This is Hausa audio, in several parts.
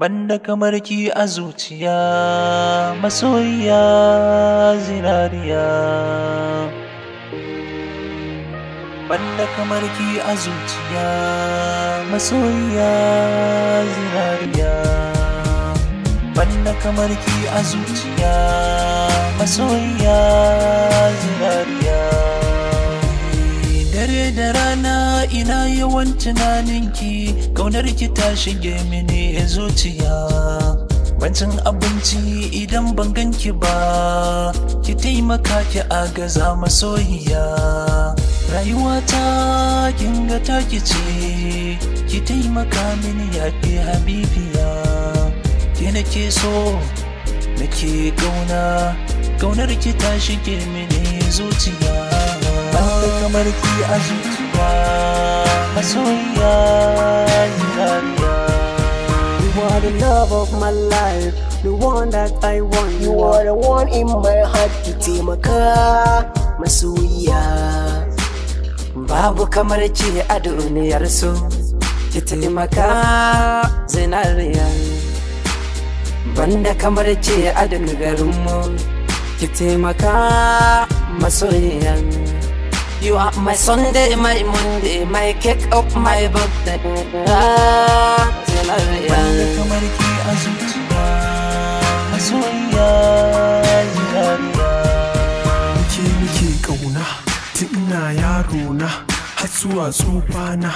banda kamar ki a zuciya masoyiya zinariya banda kamar ki a zuciya masoyiya zinariya banda kamar ki a zuciya masoyiya zinariya ina yawan tunaninki kaunar ki ta shige mini zuciya Wancan abinci idan ban ganki ba ki taimaka ki agaza masoyiya rayuwata kin ga ki ce ki taimaka mini ya fi habibiya ke nake so nake kauna kaunar ki ta shige mini zuciya kamar ki a zuciya yi yariya You are the love of my life, the one that I want. You are the one in my heart, ki taimaka masoyiya. Babu kamar ki a duniyar so, ki taimaka zinariya. banda kamar ce adin mu ki taimaka masoyan You are my Sunday, my Monday, my cake up my birthday. Ah, a ƙauna, tun ina yaro na, har zuwa tsufana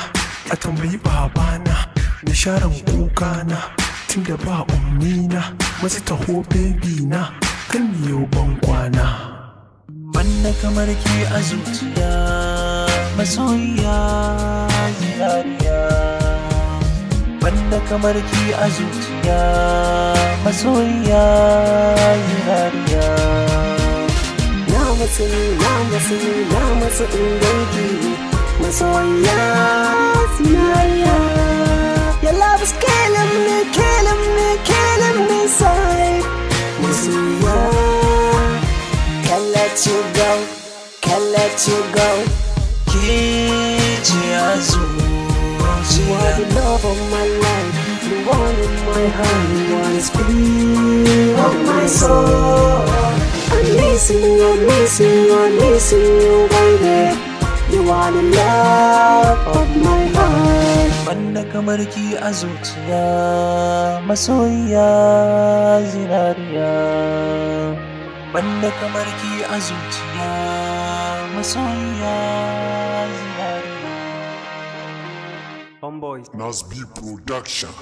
a tambayi babana, na sharan kukana, tun da ba ummina, masu taho bebina kan yau ban kwana. da kamar ke a zuciya masoyiya zinariya banda kamar ki a zuciya masoyiya zinariya na matsi na masu na masu in dangi masoyiya let you go. Kijiya zuciya. You are the love of my life, the one in my heart, the one spirit of oh, my soul. I'm missing you, missing you, missing you, baby. You are the love of my heart. Banda kamar ki a zuciya, masoyiya zinariya. banda kamar ki a zuciya masoyiya ziyarina Homeboys Nasby Production